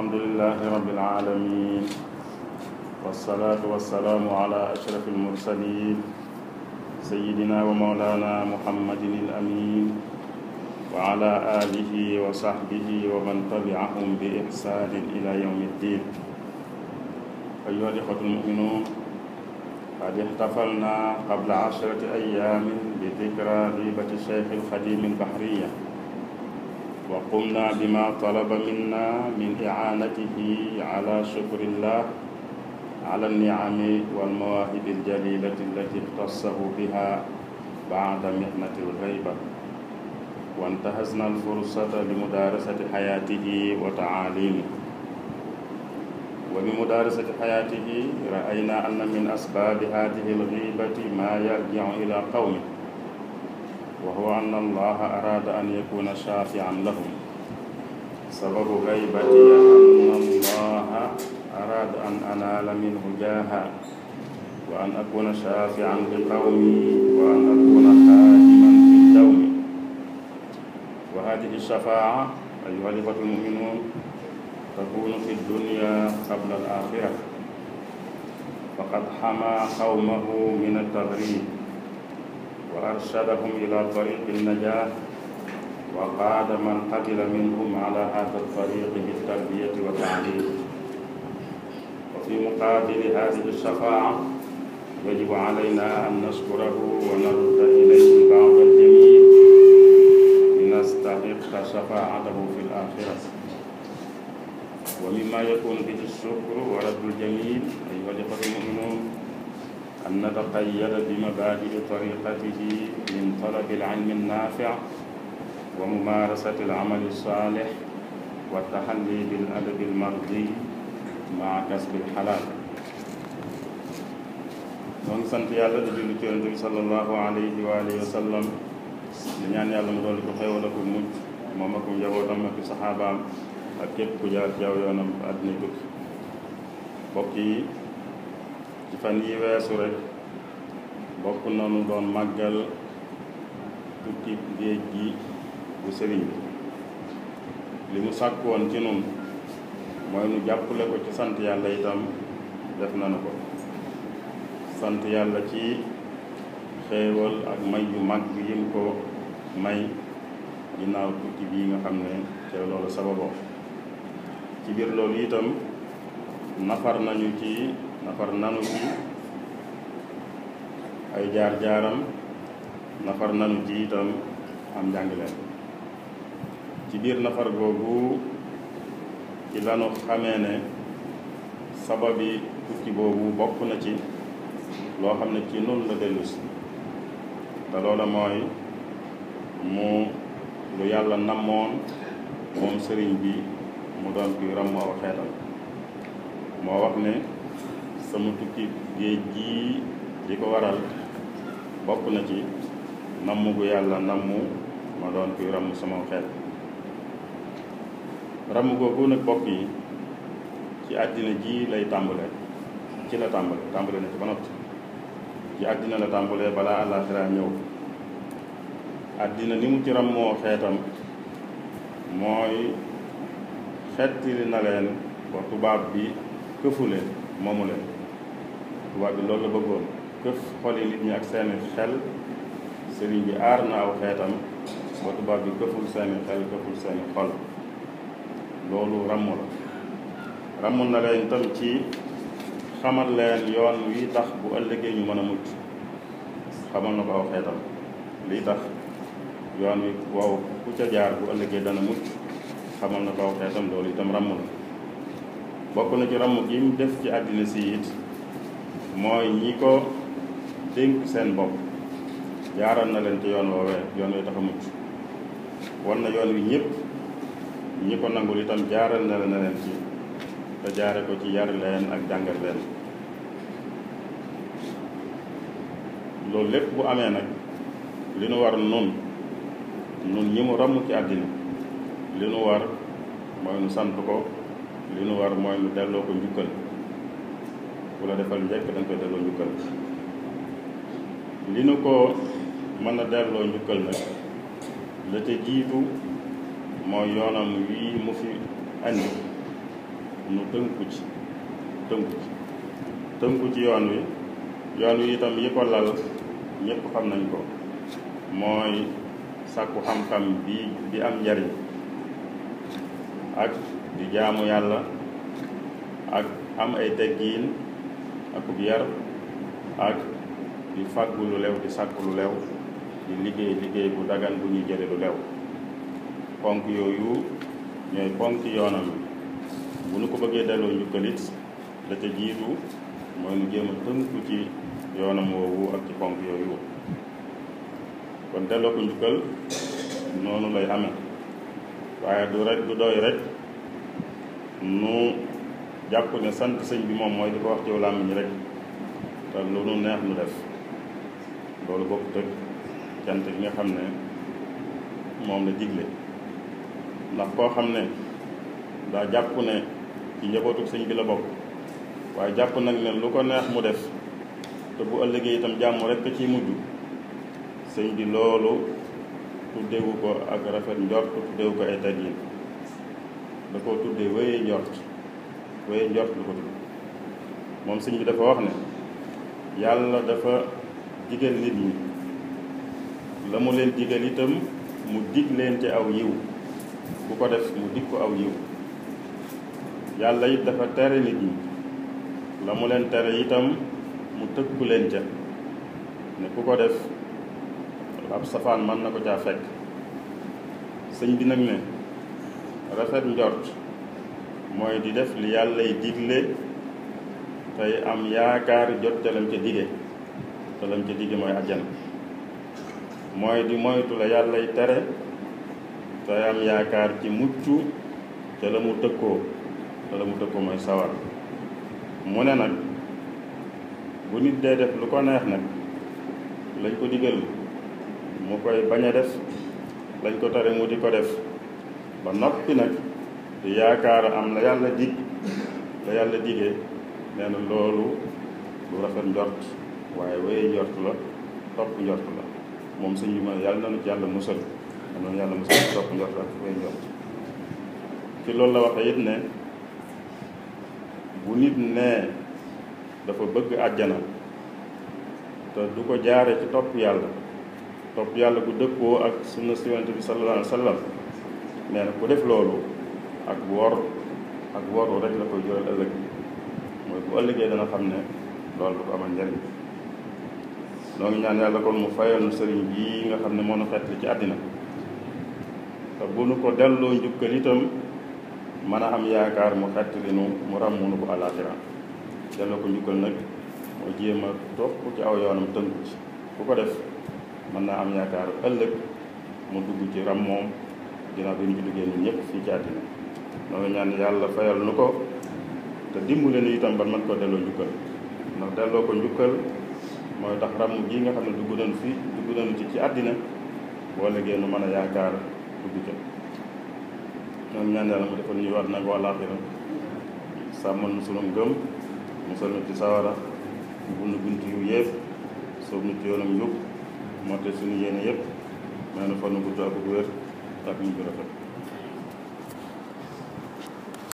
الحمد لله رب العالمين والصلاة والسلام على أشرف المرسلين سيدنا ومولانا محمد الأمين وعلى آله وصحبه ومن تبعهم بإحسان إلى يوم الدين أيها الإخوة المؤمنون قد احتفلنا قبل عشرة أيام بذكرى غيبة الشيخ الخديم البحرية وقمنا بما طلب منا من إعانته على شكر الله على النعم والمواهب الجليلة التي اختصه بها بعد محنة الغيبة وانتهزنا الفرصة لمدارسة حياته وتعاليمه وبمدارسة حياته رأينا أن من أسباب هذه الغيبة ما يرجع إلى قومه وهو أن الله أراد أن يكون شافعا لهم سبب غيبتي أن الله أراد أن أنال منه جاها وأن أكون شافعا لقومي وأن أكون خادما في الدوم وهذه الشفاعة أيها الإخوة المؤمنون تكون في الدنيا قبل الآخرة فقد حمى قومه من التغريب وأرشدهم إلى طريق النجاة وقاد من قبل منهم على هذا الطريق بالتربية والتعليم وفي مقابل هذه الشفاعة يجب علينا أن نشكره نتقيد بمبادئ طريقته من طلب العلم النافع وممارسة العمل الصالح والتحلي بالأدب المرضي مع كسب الحلال نون سنت يالا دي صلى الله عليه واله وسلم دي نان يالا مودول كو خيو لا كو موج موما كو نجابو دام اك صحابام اك كيب كو جار جاو يونام ادني بوكي ci fan yi weesu rek bokk nanu doon màggal tukki géej gi bu sëriñ bi li mu sàkk woon ci nun mooy nu jàppale ko ci sant yàlla itam def nanu ko sant yàlla ci xéewal ak may yu mag bi yim ko may ginnaaw tukki bii nga xam ne te loolu sababoo ci biir loolu itam nafar nañu ci nafar nanu ci ay jaar-jaaram nafar nanu ci itam am njàngleen ci biir nafar googu ci lanu xamee ne sababi tukki boobu bokk na ci loo xam ne ci nun la dellusi te loola mooy mu lu yàlla nammoon moom sëriñ bi mu doon kuy ràmmoo xeetam moo wax ne sama tukki géej gii li ko waral bokk na ci namm gu yàlla namm ma doon kuy ràmm sama xeet ràmm googu nag bokk yi ci àddina ji lay tàmbale ci la tàmbale tàmbale na ci ba noppi ci àddina la tàmbalee balaa àllaaxira ñëw àddina ni mu ci ràmmoo xeetam mooy xettili na leen ba tubaab bi këfu leen moomu leen tubaab bi loolu la bëggoon كيف خلي لبني أكسام الخل سرين بي أرنا أو خاتم وتبع بي كيف أكسام الخل كيف أكسام الخل لولو رمول رمول نلا ينتم تي خمر لين يوان ويتخ بو ألقي نيو منموت خمر نبا أو خاتم ليتخ يوان واو كوتش جار بو ألقي دانموت خمر نبا أو خاتم لولو تم رمول بكونك رمو جيم دفتي أدنسيت موي نيكو dénk seen bopp jaaral na leen ci yoon woowee yoon wi tax a mucc wan na yoon wi ñëpp ñi ko nangul itam jaaral na leen ci te jaare ko ci yar leen ak jàngal leen loolu lépp bu amee nag li nu war nun nun ñi mu ramm ci àddina li nu war mooy nu sant ko li nu war mooy nu delloo ko njukkal ku la defal njëkk da koy delloo njukkal li nu ko mën a delloo njukkal nag la te jiitu mooy yoonam wii mu fi andi nu tënku ci tënku ci tënku ci yoon wi yoon wi itam yi ko lal ñëpp xam nañ ko mooy sàkku xam-xam bi bi am njariñ ak di jaamu yàlla ak am ay teggiin akub yar ak di fàggu lu lew di sàkku lu lew di liggéey liggéey bu dagan bu ñuy jële lu lew ponk yooyu ñooy ponk yoonam bu nu ko bëggee delloo njukkalit la ca jiitu mooy nu jéem tënku ci yoonam woowu ak ci ponk yooyu kon delloo ko njukkal noonu lay amee waaye du rek du doy rek nu jàpp ne sant sëñ bi moom mooy di ko wax ci làmmiñ rek te lu nu neex nu def loolu bokkut ak cant bi nga xam ne moom la digle ndax koo xam ne daa jàpp ne ci njabootu sëñ bi la bokk waaye jàpp nag ne lu ko neex mu def te bu ëllëgee itam jàmm rekk ciy mujj sëñ bi loolu tuddewu ko ak rafet njort tuddewu ko ay teggin da koo tuddee wéye njort wéye njort lu ko tudd moom sëñ bi dafa wax ne yàlla dafa jigéen nit ñi la mu leen jigéen itam mu dig leen ci aw yiw ku ko def mu dig ko aw yiw yàlla yit dafa tere nit ñi la mu leen tere itam mu tëkku leen ca ne ku ko def ab safaan man na ko caa fekk sëñ bi nag ne rafet njort mooy di def li yàllay digle tey am yaakaar jot ca lam ca dige te lañ ca digg mooy àjjana mooy di moytu la layar tere te am yaakaar ci mucc te la mu tëkkoo te la mu tëkkoo mooy sawar mu ne nag bu nit dee def lu ko neex nag lañ ko digal mu koy bañ a def lañ ko tere mu di ko def ba noppi nag di yaakaar am la yàlla dig la yàlla digee eh. nee na loolu lu rafet njort waaye wéye njort la topp njort la moom sëñ bi ma ne yàlla na nu ci yàlla musal am na yàlla musal topp njort ak wéye njort ci loolu la waxee it ne bu nit nee dafa bëgg àjjana te du ko jaare ci topp yàlla topp yàlla bu dëppoo ak sunna si bi sallallahu alayhi wa sallam ku def loolu ak wor ak woru rek la koy jural ëllëg mooy bu ëllëgee dana xam ne loolu du ko amal njariñ noo ngi ñaan yàlla kon mu fayal nu sëriñ bii nga xam ne moo nu xeetli ci àddina te bu nu ko delloo njukkal itam mën a am yaakaar mu xeetli nu mu ràmmu nu ko àllaaxira delloo ko njukkal nag mo jéem a topp ci aw yoonam tënku ci ku ko def mën naa am yaakaar ëllëg mu dugg ci ram moom ginnaaw bi ñu ci duggee ñun ñëpp fii ci àddina noo ngi ñaan yàlla fayal nu ko te dimbale nu itam ba man ko delloo njukkal ndax delloo ko njukkal mooy tax ràmm gii nga xam ne dugg nañu fii dugg nañu ci ci àddina boo liggéey nu mën a yaakaar dugg ca ñoom ñaan yàlla mu defal nag wàllaaxira sàmmal mu sunum gëm musal nu ci sawara bu nu bunt yu yépp soob nu ci yoonam njub moo te suñu yéene yépp may nu fa nu gudd ak wér ak ñu bi rafet